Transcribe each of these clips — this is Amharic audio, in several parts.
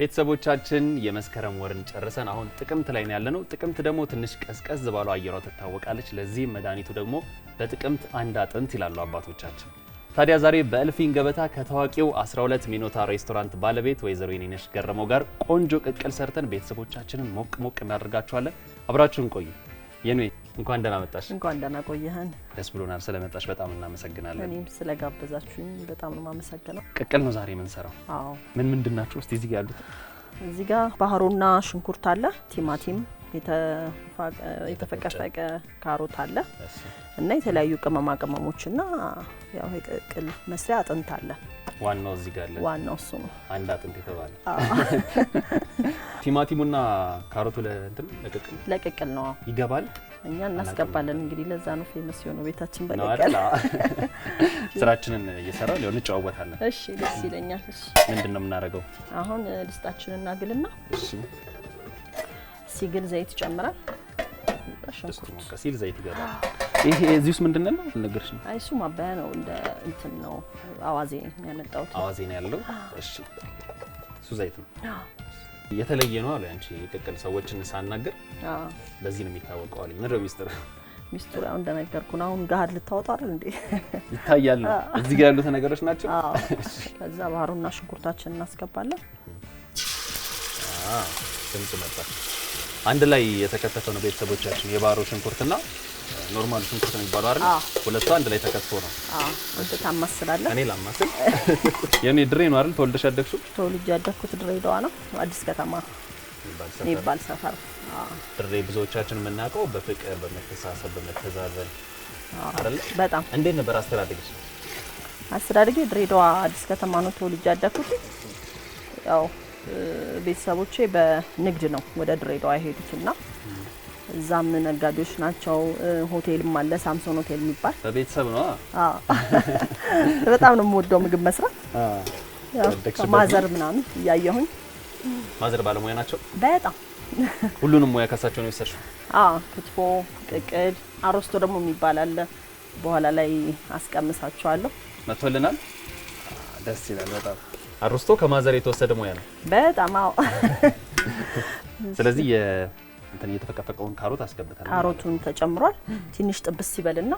ቤተሰቦቻችን የመስከረም ወርን ጨርሰን አሁን ጥቅምት ላይ ነው ያለነው። ጥቅምት ደግሞ ትንሽ ቀዝቀዝ ባለው አየሯ ትታወቃለች። ለዚህ መድኃኒቱ ደግሞ በጥቅምት አንድ አጥንት ይላሉ አባቶቻችን። ታዲያ ዛሬ በእልፍኝ ገበታ ከታዋቂው 12 ሚኖታ ሬስቶራንት ባለቤት ወይዘሮ የኔነሽ ገረመው ጋር ቆንጆ ቅቅል ሰርተን ቤተሰቦቻችንን ሞቅ ሞቅ እናደርጋችኋለን። አብራችሁን ቆዩ የኔ እንኳን ደህና መጣሽ። እንኳን ደህና ቆየህን። ደስ ብሎናል ስለመጣሽ በጣም እናመሰግናለን። እኔም ስለጋበዛችሁኝ በጣም ነው የማመሰግነው። ቅቅል ነው ዛሬ የምንሰራው። አዎ። ምን ምንድን ናቸው እስቲ እዚህ ያሉት? እዚህ ጋር ባህሮና ሽንኩርት አለ፣ ቲማቲም የተፈቀፈቀ ካሮት አለ እና የተለያዩ ቅመማ ቅመሞችና ያው የቅቅል መስሪያ አጥንት አለ። ዋናው እዚህ ጋር አለ። ዋናው እሱ ነው። አንድ አጥንት የተባለ ቲማቲሙና ካሮቱ ለቅቅል ለቅቅል ነው ይገባል። እኛ እናስገባለን። እንግዲህ ለዛ ነው ፌመስ የሆነው ቤታችን በቀቀል ስራችንን እየሰራ ሊሆን እንጨዋወታለን። እሺ ደስ ይለኛል። እሺ ምንድን ነው የምናደርገው አሁን? ድስታችንን እናግልና ሲግል ዘይት ይጨምራል። ሲል ዘይት ይገባል። ይሄ እዚህ ውስጥ ምንድን ነው አልነገርሽም? አይ እሱ ማባያ ነው። እንደ እንትን ነው አዋዜ ነው ያመጣሁት። አዋዜ ነው ያለው። እሺ እሱ ዘይት ነው የተለየ ነው አሉ አንቺ ቅቅል ሰዎችን ሳናገር በዚህ ነው የሚታወቀው አሉ። ምንድን ነው ሚስጥር? ሚስጥሩ ያው እንደነገርኩ ነው። አሁን ገሀድ ልታወጣ አይደል እንዴ? ይታያል ነው እዚህ ጋር ያሉት ነገሮች ናቸው። ከዛ ባህሩና ሽንኩርታችን እናስገባለን። ድምጽ መጣ። አንድ ላይ የተከተፈ ነው ቤተሰቦቻችን፣ የባህሩ ሽንኩርትና ኖርማል ሽንኩርት ነው የሚባለው አይደል? ሁለቱ አንድ ላይ ተከትፎ ነው። አዎ አንተ ታማስላለህ። እኔ ላማስል። የኔ ድሬ ነው አይደል? ተወልደሽ ያደግሽው? ተወልጄ ያደግኩት ድሬዳዋ ነው፣ አዲስ ከተማ የሚባል ሰፈር። አዎ፣ ድሬ ብዙዎቻችን የምናውቀው በፍቅር በመተሳሰብ በመተዛዘን አይደል? በጣም እንዴት ነበር አስተዳደግሽ? አስተዳደጌ ድሬዳዋ አዲስ ከተማ ነው ተወልጄ ያደግኩት። ያው ቤተሰቦቼ በንግድ ነው ወደ ድሬዳዋ የሄዱትና እዛም ነጋዴዎች ናቸው። ሆቴልም አለ ሳምሶን ሆቴል የሚባል በቤተሰብ ነው። በጣም ነው የምወደው ምግብ መስራት። ማዘር ምናምን እያየሁኝ ማዘር ባለሙያ ናቸው በጣም ሁሉንም ሙያ ከሳቸው ነው የወሰድሽው? አዎ ክትፎ፣ ቅቅል፣ አሮስቶ ደግሞ የሚባል አለ። በኋላ ላይ አስቀምሳቸዋለሁ። መጥቶልናል። ደስ ይላል በጣም አሮስቶ ከማዘር የተወሰደ ሙያ ነው በጣም አዎ። ስለዚህ እንትን እየተፈቀፈቀውን ካሮት አስገብተናል። ካሮቱን ተጨምሯል። ትንሽ ጥብስ ሲበልና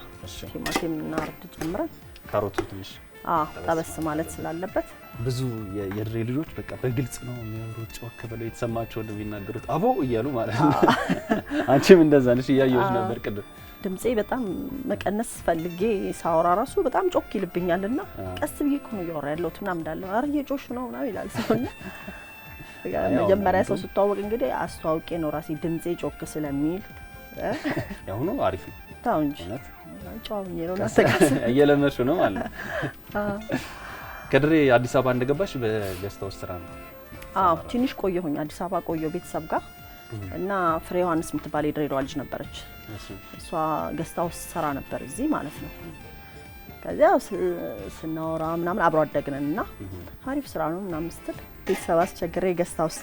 ቲማቲም እና እርድ ጨምረን ካሮቱ ትንሽ ጠበስ ማለት ስላለበት ብዙ የድሬ ልጆች በቃ በግልጽ ነው የሚያወሩት። ጮክ ብለው የተሰማቸውን ነው የሚናገሩት። አቦ እያሉ ማለት ነው። አንቺም እንደዛ ነሽ፣ እያየሁሽ ነበር ቅድም። ድምጼ በጣም መቀነስ ፈልጌ ሳወራ ራሱ በጣም ጮክ ይልብኛል እና ቀስ ብዬ እኮ ነው እያወራ ያለሁት ምናምን እንዳለው ኧረ እየጮሽ ነው ምናምን ይላል ሰውና መጀመሪያ ሰው ስተዋወቅ እንግዲህ አስተዋውቄ ነው ራሴ ድምፄ ጮክ ስለሚል ያሁኑ አሪፍ ነው። ታው እንጂ ጫውኝ ነው እየለመድሽ ነው ማለት ነው። ከድሬ አዲስ አበባ እንደገባሽ በገስታ ውስጥ ስራ ነው? አዎ ትንሽ ቆየሁኝ። አዲስ አበባ ቆየሁ ቤተሰብ ጋር እና ፍሬ ዮሐንስ የምትባል የድሬዳዋ ልጅ ነበረች። እሷ ገስታ ውስጥ ስራ ነበር እዚህ ማለት ነው። ከዚያ ስናወራ ምናምን አብሮ አደግነን እና አሪፍ ስራ ነው ምናምን ስትል ቤተሰብ አስቸግሬ ገስት ሀውስ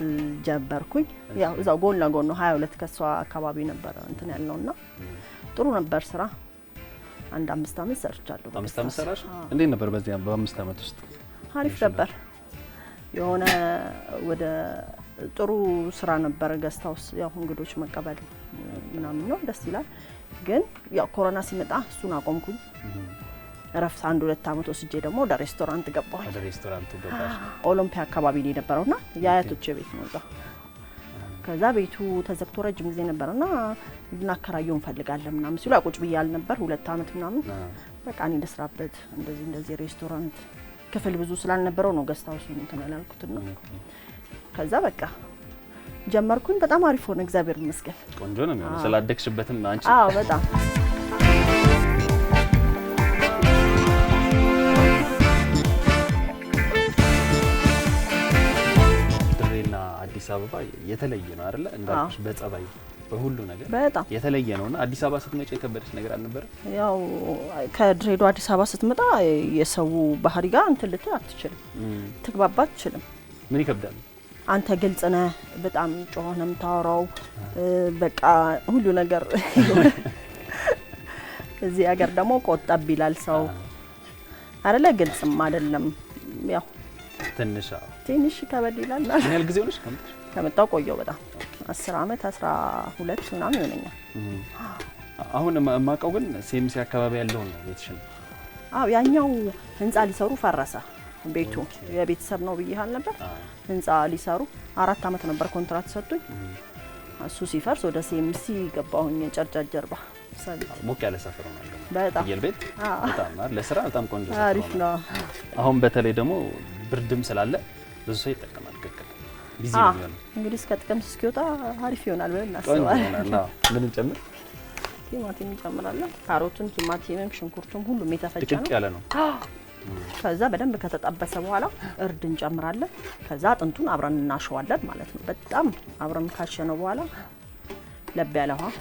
ጀበርኩኝ። ያው እዛው ጎን ለጎን ነው፣ ሀያ ሁለት ከሷ አካባቢ ነበረ እንትን ያለው እና ጥሩ ነበር ስራ። አንድ አምስት አመት ሰርቻለሁ። አምስት ሰራሽ? እንዴት ነበር በዚህ በአምስት አመት ውስጥ? አሪፍ ነበር። የሆነ ወደ ጥሩ ስራ ነበረ። ገስታ ሀውስ ያው እንግዶች መቀበል ምናምን ነው፣ ደስ ይላል። ግን ያው ኮሮና ሲመጣ እሱን አቆምኩኝ። እረፍት አንድ ሁለት አመት ወስጄ ደግሞ ወደ ሬስቶራንት ገባሁ። ወደ ሬስቶራንት ገባሽ? ኦሎምፒያ አካባቢ ነው የነበረው ና የአያቶች ቤት ነው እዛ። ከዛ ቤቱ ተዘግቶ ረጅም ጊዜ ነበር ና ልናከራየው እንፈልጋለን ምናምን ሲሉ ያቁጭ ብያል ነበር ሁለት አመት ምናምን። በቃ እኔ ልስራበት እንደዚህ እንደዚህ ሬስቶራንት ክፍል ብዙ ስላልነበረው ነው ገስት ሀውስ እንትን ያላልኩትና ከዛ በቃ ጀመርኩኝ። በጣም አሪፍ ሆነ፣ እግዚአብሔር ይመስገን። ቆንጆ ነው የሚሆነው ስላደግሽበትም አንቺ። አዎ በጣም አዲስ አበባ የተለየ ነው አይደለ? እንዳልኩሽ በጸባይ በሁሉ ነገር በጣም የተለየ ነው። እና አዲስ አበባ ስትመጪ የከበደች ነገር አልነበረ? ያው ከድሬዳዋ አዲስ አበባ ስትመጣ የሰው ባህሪ ጋር እንትን ልትል አትችልም፣ ትግባባ አትችልም። ምን ይከብዳል? አንተ ግልጽ ነህ፣ በጣም ጮኸ ነው የምታወራው። በቃ ሁሉ ነገር እዚህ ሀገር ደግሞ ቆጠብ ይላል ሰው አይደለ? ግልጽም አይደለም ያው ትንሽ ትንሽ ከበድ ይላል። ምን ያህል ጊዜ ሆነሽ ከምትሽ ከመጣው ቆየው በጣም አስር አመት አስራ ሁለት ምናምን ይሆነኛል። አሁን የማውቀው ግን ሴምሴ አካባቢ ያለው ነው ቤትሽን። አዎ ያኛው ህንፃ ሊሰሩ ፈረሰ ቤቱ የቤተሰብ ነው ብዬ ነበር። ህንፃ ሊሰሩ አራት አመት ነበር ኮንትራት ሰጡኝ። እሱ ሲፈርስ ወደ ሴምሲ ገባሁኝ። ጨርጫ ጀርባ ሞቅ ያለ ሰፈር ነው በጣም ቤት በጣም ለስራ በጣም ቆንጆ አሪፍ ነው። አሁን በተለይ ደግሞ ብርድም ስላለ ብዙ ሰው ይጠቀማል። ቢዚ ነው የሚሆነው። እንግዲህ እስከ ጥቅምት እስኪወጣ አሪፍ ይሆናል ብለን እናስባለን። ምን እንጨምር? ቲማቲም እንጨምራለን። ካሮቱን፣ ቲማቲምም፣ ሽንኩርቱም ሁሉም የተፈጨ ነው። ጥቅቅ ያለ ነው። ከዛ በደንብ ከተጠበሰ በኋላ እርድ እንጨምራለን። ከዛ አጥንቱን አብረን እናሸዋለን ማለት ነው። በጣም አብረን ካሸነው በኋላ ለብ ያለ ውሃ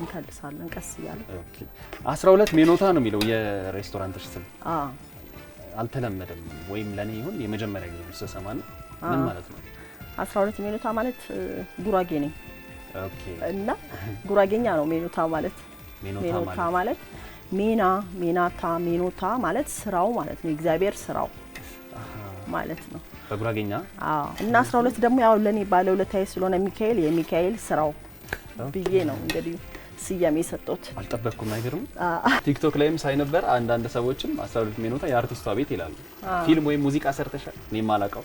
እንከልሳለን። ቀስ እያለ አስራ ሁለት ሜኖታ ነው የሚለው የሬስቶራንትሽ ስም። አልተለመደም ወይም ለእኔ ይሁን የመጀመሪያ ጊዜ ስሰማ ነው። ምን ማለት ነው? አስራሁለት ሜኖታ ማለት ጉራጌ ነኝ እና ጉራጌኛ ነው ሜኖታ ማለት። ሜኖታ ማለት ሜና፣ ሜናታ፣ ሜኖታ ማለት ስራው ማለት ነው። እግዚአብሔር ስራው ማለት ነው በጉራጌኛ። እና አስራ ሁለት ደግሞ ያው ለኔ ባለ ሁለታዬ ስለሆነ ሚካኤል የሚካኤል ስራው ብዬ ነው እንግዲህ ስያሜ የሰጡት አልጠበቅኩም። አይገርም። ቲክቶክ ላይም ሳይ ነበር አንዳንድ ሰዎችም ሁለት ሜኖታ የአርቲስቷ ቤት ይላሉ። ፊልም ወይም ሙዚቃ ሰርተሻል? እኔም አላውቀው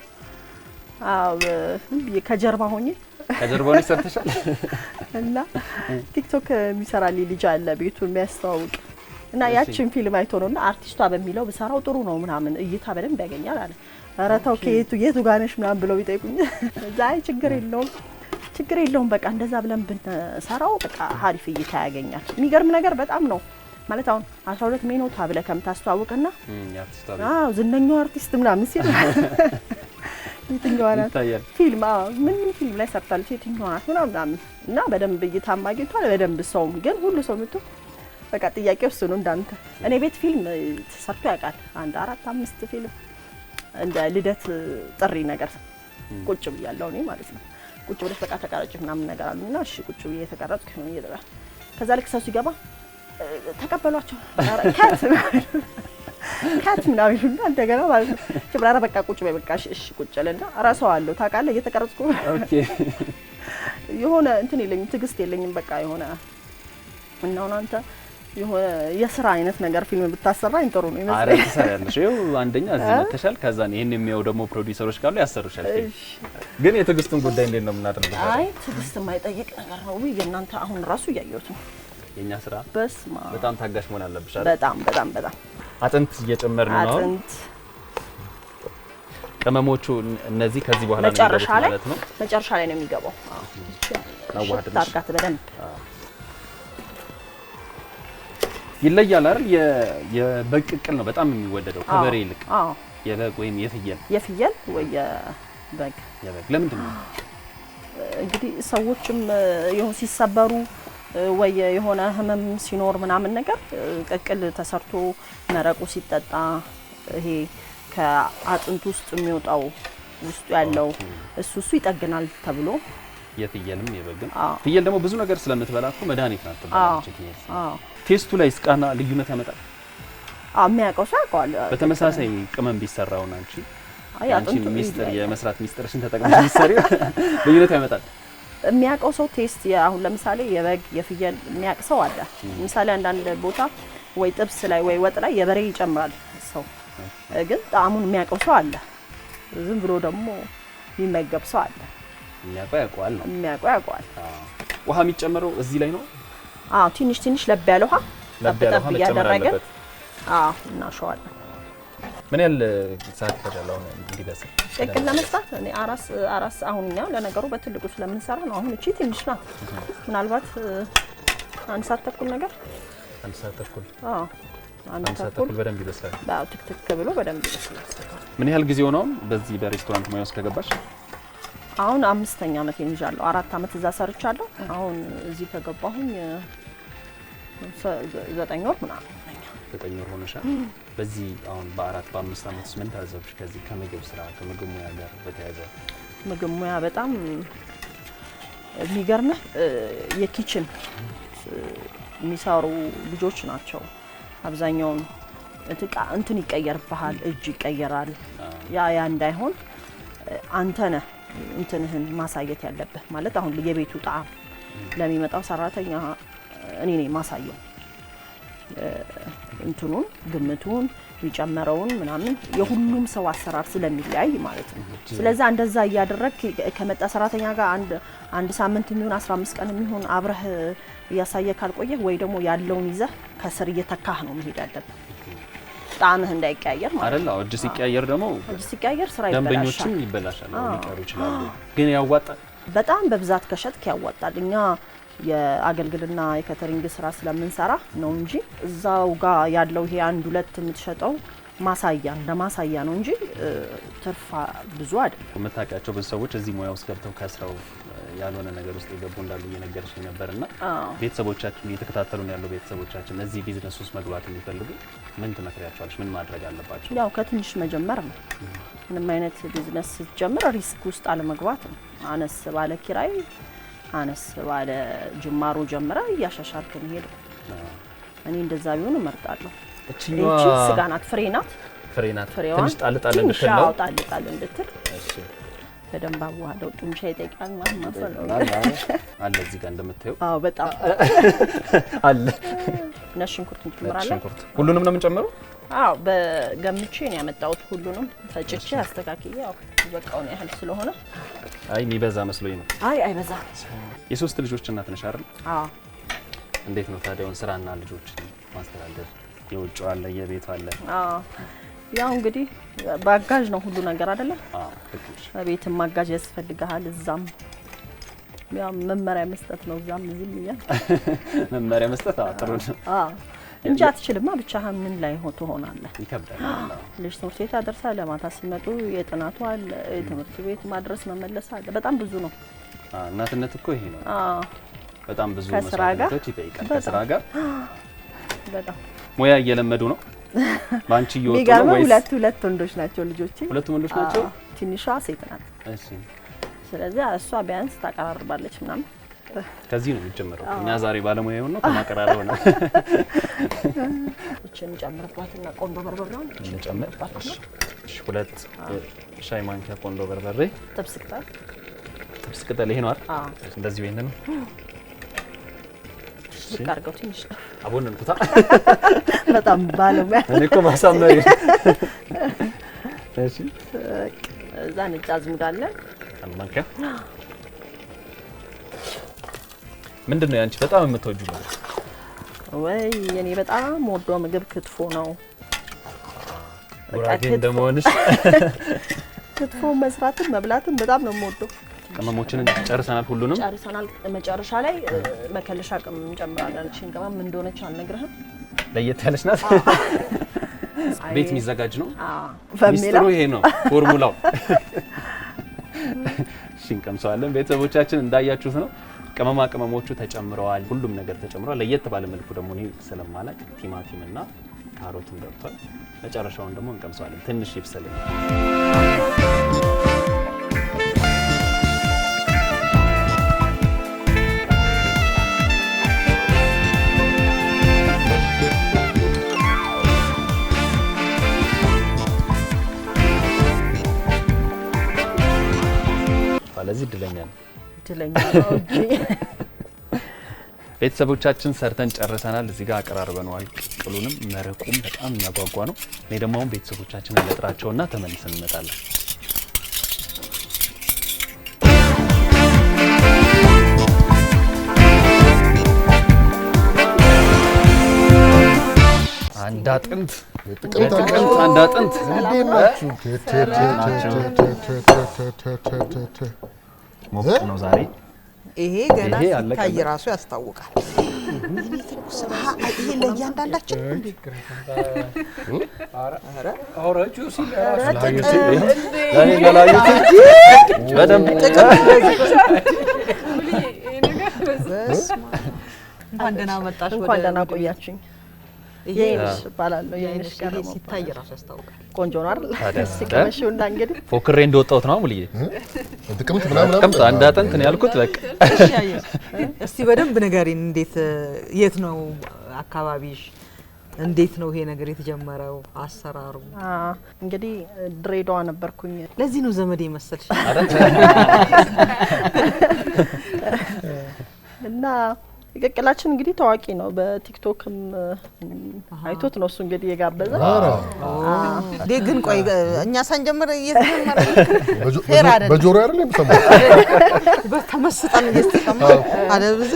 ከጀርባ ሆኜ ከጀርባ ሆኜ ሰርተሻል። እና ቲክቶክ የሚሰራልኝ ልጅ አለ ቤቱን የሚያስተዋውቅ እና ያችን ፊልም አይቶ ነው እና አርቲስቷ በሚለው ብሰራው ጥሩ ነው ምናምን እይታ በደንብ ያገኛል አለ። ኧረ ተው ከየቱ የቱ ጋር ነሽ ምናምን ብለው ቢጠይቁኝ እዛ አይ ችግር የለውም ችግር የለውም በቃ እንደዛ ብለን ብንሰራው በቃ ሀሪፍ እይታ ያገኛል። የሚገርም ነገር በጣም ነው ማለት አሁን አስራ ሁለት ሜኖታ ብለህ ከምታስተዋውቅና ዝነኛው አርቲስት ምናምን ሲል የትኛዋ ናት ፊልም ምን ፊልም ላይ ሰርታለች የትኛዋ ናት ምናምን ምናምን እና በደንብ እይታም አግኝቷል። በደንብ ሰውም ግን ሁሉ ሰው ምቶ በቃ ጥያቄ እሱ ነው። እንዳንተ እኔ ቤት ፊልም ተሰርቶ ያውቃል። አንድ አራት አምስት ፊልም እንደ ልደት ጥሪ ነገር ቁጭ ብያለሁ እኔ ማለት ነው። ቁጭ ብለሽ በቃ ተቀረጭ ምናምን ነገር አሉ እና እሺ ቁጭ ብዬ የተቀረጽኩ ነው እየጠራ ከዛ ልክ ሰው ሲገባ ተቀበሏቸው ከት ካት ምናምን ይሉና እንደገና ማለት ነው ጭብራራ በቃ ቁጭ በይ በቃ እሺ ቁጭ አለና እረሳዋለሁ። ታውቃለህ እየተቀረጽኩ የሆነ እንትን የለኝም ትዕግስት የለኝም በቃ የሆነ እና አንተ የሆነ የስራ አይነት ነገር ፊልም ብታሰራኝ ጥሩ ነው ይመስለኛል። አረ ትሰሪያለሽ። ይኸው አንደኛ እዚህ መተሻል። ከዛ ነው ይሄን የሚያው ደግሞ ፕሮዲውሰሮች ካሉ ያሰሩሻል። ግን የትዕግስቱን ጉዳይ እንዴት ነው የምናደርገው? አይ ትዕግስት የማይጠይቅ ነገር ነው። ውይ የእናንተ አሁን ራሱ እያየሁት ነው የኛ ስራ። በስማ በጣም ታጋሽ መሆን አለብሽ። በጣም በጣም በጣም አጥንት እየጨመር ነው። አጥንት ቅመሞቹ እነዚህ ከዚህ በኋላ መጨረሻ ላይ ማለት ነው። መጨረሻ ላይ ነው የሚገባው። ታርጋት በደንብ ይለያል አይደል? የበግ ቅቅል ነው በጣም የሚወደደው ከበሬ ይልቅ። አዎ የበግ ወይም የፍየል የፍየል ወይ የበግ የበግ ለምንድን ነው እንግዲህ ሰዎችም ይሁን ሲሰበሩ ወይ የሆነ ህመም ሲኖር ምናምን ነገር ቅቅል ተሰርቶ መረቁ ሲጠጣ ይሄ ከአጥንት ውስጥ የሚወጣው ውስጡ ያለው እሱ እሱ ይጠግናል ተብሎ የፍየልም የበግም ፍየል ደግሞ ብዙ ነገር ስለምትበላ እኮ መድኃኒት ናት ትባላለች። ቴስቱ ላይ ስቃና ልዩነት ያመጣል። የሚያውቀው ሰው ያውቀዋል። በተመሳሳይ ቅመም ቢሰራውን አንቺ ሚስጥር የመስራት ሚስጥርሽን ተጠቅመሽ ቢሰሪ ልዩነት ያመጣል። የሚያውቀው ሰው ቴስት አሁን ለምሳሌ የበግ የፍየል የሚያውቅ ሰው አለ። ለምሳሌ አንዳንድ ቦታ ወይ ጥብስ ላይ ወይ ወጥ ላይ የበሬ ይጨምራል ሰው፣ ግን ጣዕሙን የሚያውቀው ሰው አለ። ዝም ብሎ ደግሞ የሚመገብ ሰው አለ። የሚያውቀው ያውቀዋል ነው የሚያውቀው ያውቀዋል። ውሃ የሚጨምረው እዚህ ላይ ነው። አዎ፣ ትንሽ ትንሽ ለብ ያለ ውሃ ጠብ ጠብ እያደረግን እናሸዋለን። ምን ያህል ሰዓት ይፈጃል? እንዲበስል ቅቅል ለመስራት አራስ አራስ አሁን እኛ ለነገሩ በትልቁ ስለምንሰራ ነው። አሁን እቺ ትንሽ ናት። ምናልባት አንድ ሰዓት ተኩል ነገር አንድ ሰዓት ተኩል አዎ በደንብ ይበስላል። ትክትክ ብሎ በደንብ ይበስላል። ምን ያህል ጊዜ ሆነውም በዚህ በሬስቶራንት ሙያ ውስጥ ከገባሽ? አሁን አምስተኛ ዓመት ይዣለሁ። አራት ዓመት እዛ ሰርቻለሁ። አሁን እዚህ ከገባሁኝ ዘጠኝ ወር ምናምን ዘጠኝ ወር ሆነሻል። በዚህ አሁን በአራት በአምስት አመት ውስጥ ምን ታዘብሽ? ከዚህ ከምግብ ስራ ከምግብ ሙያ ጋር በተያያዘ ምግብ ሙያ በጣም የሚገርምህ የኪችን የሚሰሩ ልጆች ናቸው። አብዛኛውን እንትን ይቀየርብሃል፣ እጅ ይቀየራል። ያ ያ እንዳይሆን አንተ ነህ እንትንህን ማሳየት ያለብህ ማለት አሁን የቤቱ ጣዕም ለሚመጣው ሰራተኛ እኔ ነኝ ማሳየው እንትኑን ግምቱን የጨመረውን ምናምን የሁሉም ሰው አሰራር ስለሚለያይ ማለት ነው። ስለዛ እንደዛ እያደረግ ከመጣ ሰራተኛ ጋር አንድ አንድ ሳምንት የሚሆን 15 ቀን የሚሆን አብረህ እያሳየ ካልቆየህ ወይ ደግሞ ያለውን ይዘህ ከስር እየተካህ ነው መሄድ ያለብህ። ጣምህ እንዳይቀያየር ማለት ነው። እጅ ሲቀያየር ደግሞ እጅ ሲቀያየር ስራ ይበላሻል፣ ደንበኞችም ይበላሻል፣ ሊቀሩ ይችላሉ። ግን ያዋጣል። በጣም በብዛት ከሸጥክ ያዋጣል። እኛ የአገልግልና የከተሪንግ ስራ ስለምንሰራ ነው እንጂ እዛው ጋር ያለው ይሄ አንድ ሁለት የምትሸጠው ማሳያ እንደ ማሳያ ነው እንጂ ትርፋ ብዙ አይደለም። የምታውቂያቸው ብዙ ሰዎች እዚህ ሙያ ውስጥ ገብተው ከስራው ያልሆነ ነገር ውስጥ የገቡ እንዳሉ እየነገረች ነበር። እና ቤተሰቦቻችን ነው ያለው ቤተሰቦቻችን እዚህ ቢዝነስ ውስጥ መግባት የሚፈልጉ ምን ትመክሪያቸዋለች? ምን ማድረግ አለባቸው? ያው ከትንሽ መጀመር ነው። ምንም አይነት ቢዝነስ ስትጀምር ሪስክ ውስጥ አለመግባት ነው። አነስ ባለ ኪራይ አነስ ባለ ጅማሮ ጀምረ እያሻሻልክ መሄድ እኔ እንደዛ ቢሆን እመርጣለሁ። እቺኛዋ ስጋ ናት፣ ፍሬ ናት፣ ፍሬ ናት። ትንሽ ጣል ጣል እንድትል ጣል ጣል እንድትል። በደንብ አዋህደው። ጡንቻ ይጠይቃል ማለት ነው። አለ እዚህ ጋር እንደምታየው። አዎ፣ በጣም አለ። ነጭ ሽንኩርት እንጨምራለን። ሁሉንም ነው የምንጨምረው? አዎ፣ በገምቼ ነው ያመጣሁት። ሁሉንም ፈጭቼ አስተካክዬ፣ ያው በቃውን ያህል ስለሆነ አይ የሚበዛ መስሎኝ ነው። አይ አይበዛ። የሶስት ልጆች እናት ነሽ አይደል? አዎ። እንዴት ነው ታዲያውን ስራና ልጆችን ማስተዳደር? የውጭ አለ የቤት አለ። አዎ ያው እንግዲህ በአጋዥ ነው ሁሉ ነገር አይደለም። አዎ። ቤትም አጋዥ ያስፈልግሃል። እዛም ያው መመሪያ መስጠት ነው እዛም እዚህም እያል መመሪያ መስጠት ጥሩ ነው። እንጂ አትችልማ። ብቻህን ምን ላይ ትሆናለህ? ይከብዳል። ልጅ ትምህርት ቤት አደርሳ ለማታ ሲመጡ የጥናቱ አለ፣ ትምህርት ቤት ማድረስ መመለስ አለ። በጣም ብዙ ነው። እናትነት እኮ ይሄ ነው። በጣም ብዙ መስዋዕቶች ይጠይቃል። ከስራ ጋር በጣም ሙያ እየለመዱ ነው። ባንቺ እየወጡ ነው ወይስ? ሁለት ሁለት ወንዶች ናቸው ልጆቼ። ሁለት ወንዶች ናቸው። ትንሿ ሴት ናት። እሺ። ስለዚህ እሷ ቢያንስ ታቀራርባለች ምናምን ከዚህ ነው የሚጀምረው። እኛ ዛሬ ባለሙያ የሆነው ከማቀራረብ ነው። እንጨምርባትና ቆንጆ በርበሬውን እንጨምርባት። ሁለት ሻይ ማንኪያ ቆንጆ በርበሬ፣ ጥብስ ቅጠል። ጥብስ ቅጠል ይሄ ነው አይደል? እንደዚህ ወይ ነው አድርገው ትንሽ አቦነንኩታ። በጣም ባለሙያ እኔ እኮ ማሳመሪ። እሺ እዛ ነጭ አዝሙድ አለ ምንድን ነው ያንቺ በጣም የምትወጁ ነው? ወይ የኔ በጣም ወዶ ምግብ ክትፎ ነው። ጉራጌ እንደመሆንሽ ክትፎ መስራትም መብላትም በጣም ነው የምወደው። ቅመሞችን ጨርሰናል፣ ሁሉንም ጨርሰናል። መጨረሻ ላይ መከለሻ ቅመም እንጨምራለን። እሺ ቅመም ምን እንደሆነች አልነግርህም። ለየት ያለች ናት። ቤት የሚዘጋጅ ነው። ሚስጥሩ ይሄ ነው ፎርሙላው። እሺ እንቀምሰዋለን። ቤተሰቦቻችን እንዳያችሁት ነው ቅመማ ቅመሞቹ ተጨምረዋል። ሁሉም ነገር ተጨምረዋል። ለየት ባለ መልኩ ደግሞ እኔ ስለማላቅ ቲማቲም እና ካሮትም ገብቷል። መጨረሻውን ደግሞ እንቀምሰዋለን። ትንሽ ይብሰል። ለዚህ እድለኛ ነው። እድለኛ ቤተሰቦቻችን ሰርተን ጨርሰናል። እዚህ ጋር አቀራርበነዋል። ቅቅሉንም መረቁም በጣም የሚያጓጓ ነው። እኔ ደግሞ አሁን ቤተሰቦቻችን አለጥራቸውና ተመልሰን እንመጣለን። አንድ አጥንት አንድ አጥንት ሞቅ ነው ዛሬ። ይሄ ገና ሲታይ ራሱ ያስታውቃል። ይሄ ለእያንዳንዳችን እንኳን ደህና መጣሽ፣ እንኳን ደህና ቆያችኝ። ራሱ ያስታውቃል። ፎክሬ እንደወጣሁት ነው ሙልዬ። ጥቅምት ምናምን አንድ አጠንት ነው ያልኩት። በቃ እስቲ በደንብ ንገሪን፣ እንዴት የት ነው አካባቢሽ? እንዴት ነው ይሄ ነገር የተጀመረው? አሰራሩ እንግዲህ ድሬዳዋ ነበርኩኝ። ለዚህ ነው ዘመዴ መሰልሽ እና ቅቅላችን እንግዲህ ታዋቂ ነው። በቲክቶክም አይቶት ነው እሱ እንግዲህ የጋበዘ ግን ቆይ እኛ ሳንጀምር በጆሮ አይደለም ተመስጠን አለብዛ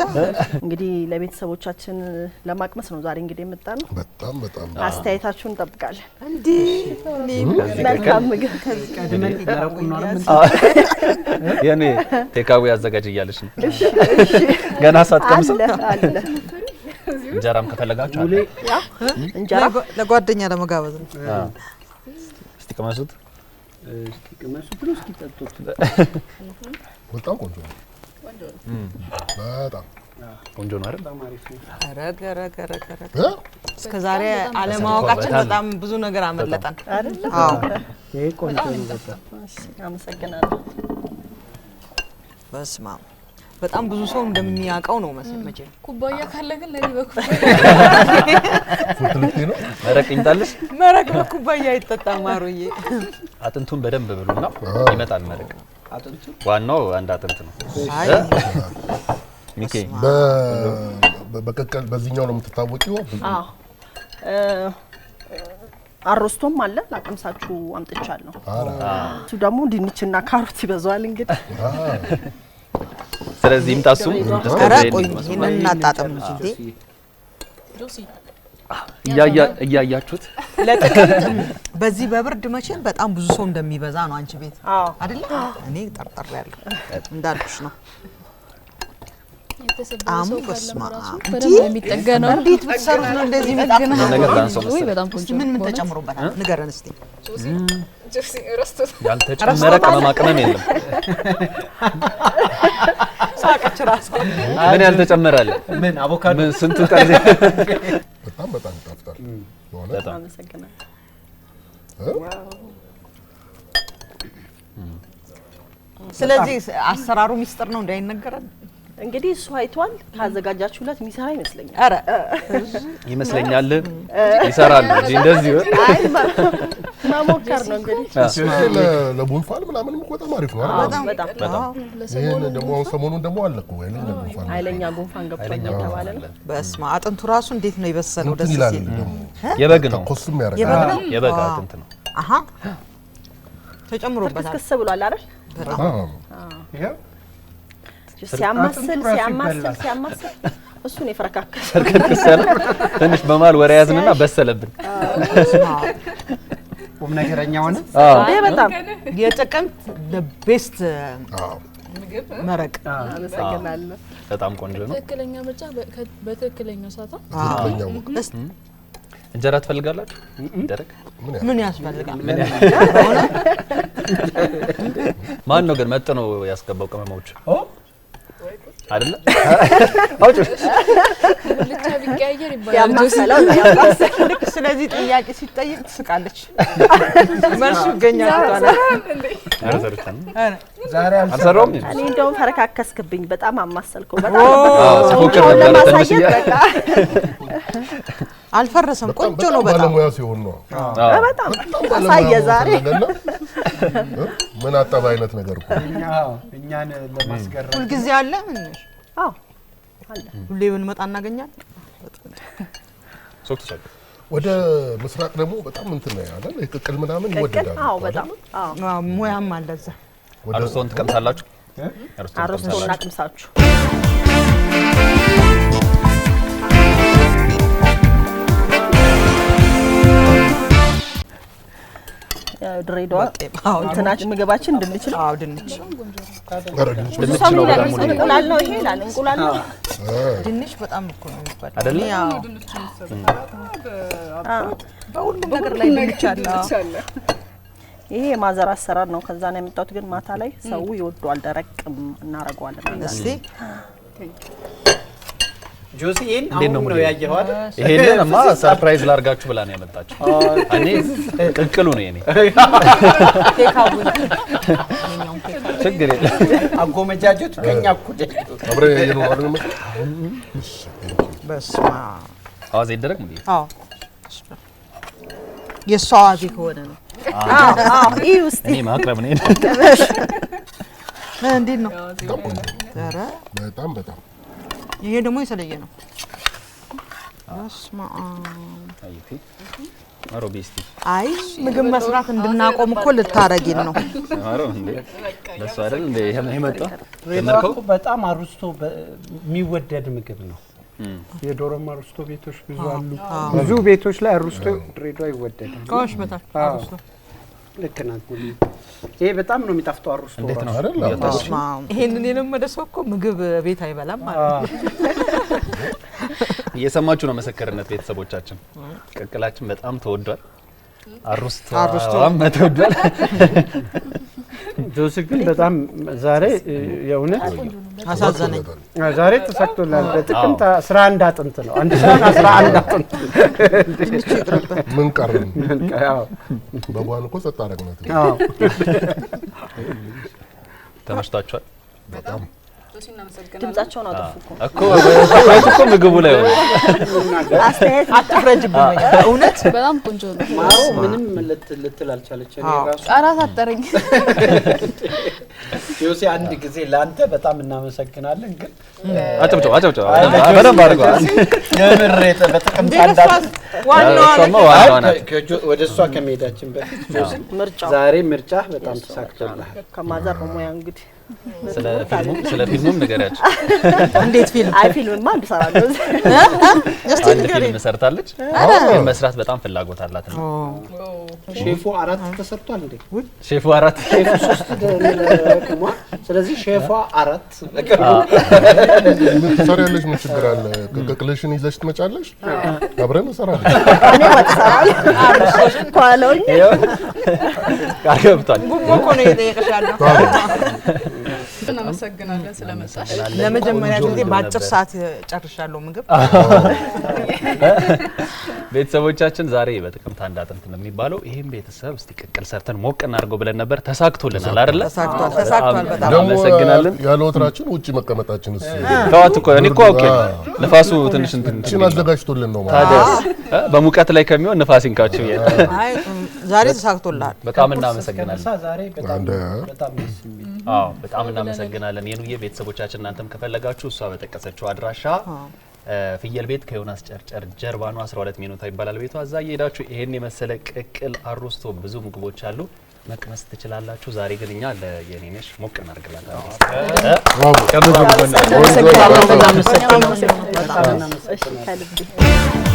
እንግዲህ ለቤተሰቦቻችን ለማቅመስ ነው ዛሬ እንግዲህ የመጣ ነው። በጣም በጣም አስተያየታችሁን እንጠብቃለን። መልካም ምግብ የኔ ቴካዊ አዘጋጅ እያለች ነው ገና ሳትቀምሰው አለ። እንጀራም ከፈለጋችሁ አለ። እንጀራ ለጓደኛ ለመጋበዝ ነው። እስቲ ቅመሱት፣ እስቲ ቅመሱት ነው። እስቲ ቅመሱት እስቲ ጠጡት በጣም ቆንጆ ነው። በጣም ቆንጆ ነው አይደል? እስከ ዛሬ አለማወቃችን በጣም ብዙ ነገር አመለጠን። ይሄ ቆንጆ ነው። አመሰግናለሁ። በስመ አብ በጣም ብዙ ሰው እንደሚያውቀው ነው መቼም። ኩባያ ካለ ግን ለኔ በኩባያ ነው መረቅ ይምጣልሽ። መረቅ በኩባያ አይጠጣም። ማሩዬ አጥንቱን በደንብ ብሉና ይመጣል መረቅ። ዋናው አንድ አጥንት ነው። ሚኬ በቀቀል በዚህኛው ነው የምትታወቂው። አሮስቶም አለ ላቅምሳችሁ አምጥቻለሁ። እሱ ደግሞ ድንችና ካሮት ይበዛዋል እንግዲህ ስለዚህ ይምጣ እሱ እናጣጥም እያያችሁት በዚህ በብርድ መቼም በጣም ብዙ ሰው እንደሚበዛ ነው። አንቺ ቤት አይደለ? እኔ ጠርጠር ያለሁ እንዳልኩሽ ነው። ጣሙ በስማ እንዴት ብትሰሩት ነው እንደዚህ ምን ምን ተጨምሮበታል? ንገረን እስቲ። ያልተጨመረ ቅመማ ቅመም የለም። ሳቀች ራሷ። ምን ያልተጨመራል? ምን አቮካዶ ምን ስንቱ ጠርዝ። በጣም በጣም ይጣፍጣል። በሆነ በጣም አመሰግናለሁ። ስለዚህ አሰራሩ ሚስጥር ነው እንዳይነገረን እንግዲህ እሱ አይቷል። ካዘጋጃችሁለት የሚሰራ ይመስለኛል። ኧረ ይመስለኛል፣ ይሰራል እንጂ እንደዚህ መሞከር ነው እንግዲህ። ለጉንፋን ምናምን በጣም አሪፍ ነው። ይህን ደግሞ አሁን ሰሞኑን ደግሞ አለ እኮ ኃይለኛ ጉንፋን ገብቶኝ የተባለ አጥንቱ ራሱ እንዴት ነው የበሰለው! ደስ ሲል የበግ ነው፣ ኮስም ያደርጋል። የበግ አጥንት ነው ተጨምሮበታል። ክስ ብሏል አይደል? ሲያማስል ሲያማስል ሲያማስል እሱን የፈረካከሰ ትንሽ በማል ወሬ ያዝንና በሰለብን። ቁም ነገረኛ ሆነ። ይሄ በጣም የጥቅምት ቤስት መረቅ በጣም ቆንጆ ነው። ትክክለኛ ምርጫ በትክክለኛው ሰዓት እንጀራ ትፈልጋላችሁ? ምን ያስፈልጋል? ማን ነው ግን መጥኖ ያስገባው ቅመሞች? አይደለ? አውጭ ልቻ ስለዚህ ጥያቄ ሲጠይቅ ትስቃለች፣ መልሱ ይገኛል። አልሰራውም። እኔ እንደውም ፈረካከስክብኝ፣ በጣም አማሰልከው። በጣም ለማሳየት አልፈረሰም። ቆንጆ ነው። በጣም ባለሙያ ሲሆን ነው። በጣም አሳየ ዛሬ ምን አጠባ አይነት ነገር እኮ እኛን ለማስገረም ሁልጊዜ አለ። ሁሌ ብንመጣ እናገኛል። ወደ ምስራቅ ደግሞ በጣም እንትን ነው ያለ ቅቅል ምናምን ይወደዳል። ሙያም አለ እዛ። አርስቶን ትቀምሳላችሁ፣ አርስቶን እናቅምሳችሁ። ድሬዳዋ ምግባችን ድንች ነው። ድንች ድንች ነው። በጣም እኮ ነው በሁሉም ነገር ላይ ይሄ የማዘር አሰራር ነው። ከዛ ነው የመጣሁት። ግን ማታ ላይ ሰው ይወዷል። ደረቅም እናደርገዋለን። ጆሲ ይሄን አሁን ነው ያየኸው አይደል? ይሄንንማ ሰርፕራይዝ ላርጋችሁ ብላ ነው ያመጣችሁ። እኔ ቅቅሉ ነው የኔ። ችግር የለም አጎመጃጀቱ ከኛ አዋዜ ይደረግ ምን አዎ፣ አዋዜ ከሆነ ነው። ማቅረብ ነው። እንዴት ነው? በጣም በጣም ይሄ ደግሞ የተለየ ነው። አይ ምግብ መስራት እንድናቆም እኮ ልታረጊን ነው። በጣም የሚወደድ ምግብ ነው። የዶሮም ቤቶች ብዙ አሉ። ብዙ ቤቶች ላይ ድሬዳዋ ይወደዳል። ልክ ናት። ይሄ በጣም ነው የሚጣፍጠው። አሩስ እንዴት ነው አይደል? ይሄንን የለመደ ሰው እኮ ምግብ ቤት አይበላም ማለት ነው። እየሰማችሁ ነው መሰከርነት ቤተሰቦቻችን። ቅቅላችን በጣም ተወዷል። አሩስቷም መተወዷል። ጆሲ ግን በጣም ዛሬ የእውነት አሳዘነኝ። ዛሬ ተሳክቶላል። በጥቅምት አስራ አንድ አጥንት ነው አንድ አስራ አንድ አጥንት ምን ቀር እኮ ጸጥ አደረግነት በጣም ድምጻቸውን አጠፉ እኮ እኮ ምግቡ ላይ አስተያየት አትፍረጅብኝ። እውነት በጣም ቆንጆ ነው። ምንም ልትል አልቻለች። አጠረኝ። ዮሴ አንድ ጊዜ ለአንተ በጣም እናመሰግናለን። ግን አጨብጨው አጨብጨው በደንብ የምር በጥቅም ወደ እሷ ከመሄዳችን በፊት ዛሬ ምርጫ በጣም ተሳክቶልሃል። ከማዘር ሙያ እንግዲህ ስለ ፊልሙም ንገሪያቸው። እንዴት ፊልም? አይ ፊልምማ አንድ እሰራለሁ። አንድ ፊልም ሰርታለች። አሁን መስራት በጣም ፍላጎት አላት ነው። ሼፉ አራት ተሰርቷል እንዴ? ሼፉ አራት ሼፉ ሶስት ደረቀማ። ስለዚህ ሼፏ አራት ትሰሪያለሽ። ምን ችግር አለ? ቅቅልሽን ይዘሽ ትመጫለሽ። አብረን እንሰራለን። እኔ ወጥ እሰራለሁ። ቃል ገብቷል። ጉቦ እኮ ነው የጠየቀሻለሁ እናመሰግናለን ስለመጣሽ። ለመጀመሪያ ጊዜ በአጭር ሰዓት ጨርሻለሁ ምግብ። ቤተሰቦቻችን ዛሬ በጥቅምት አንድ አጥንት ነው የሚባለው። ይህም ቤተሰብ እስቲ ቅቅል ሰርተን ሞቅ እናድርገው ብለን ነበር። ተሳክቶልናል አይደለ? ተሳክቷል። በጣም አመሰግናለን። ያለ ወትራችን ውጭ መቀመጣችን እሱ ተዋት እኮ እኔ እኮ አውቄ ንፋሱ ትንሽ እንትን አዘጋጅቶልን ነው ማለት በሙቀት ላይ ከሚሆን ንፋስ ይንካችሁ። ዛሬ ተሳክቶልሃል። በጣም እናመሰግናለን። በጣም እናመሰግናለን የኑዬ ቤተሰቦቻችን። እናንተም ከፈለጋችሁ እሷ በጠቀሰችው አድራሻ ፍየል ቤት ከዮናስ ጨርጨር ጀርባ ነው። 12 ሚኖታ ይባላል ቤቷ። እዛ እየሄዳችሁ ይሄን የመሰለ ቅቅል አሮስቶ ብዙ ምግቦች አሉ መቅመስ ትችላላችሁ። ዛሬ ግን እኛ ለየኔነሽ ሞቅ እናርግላለን።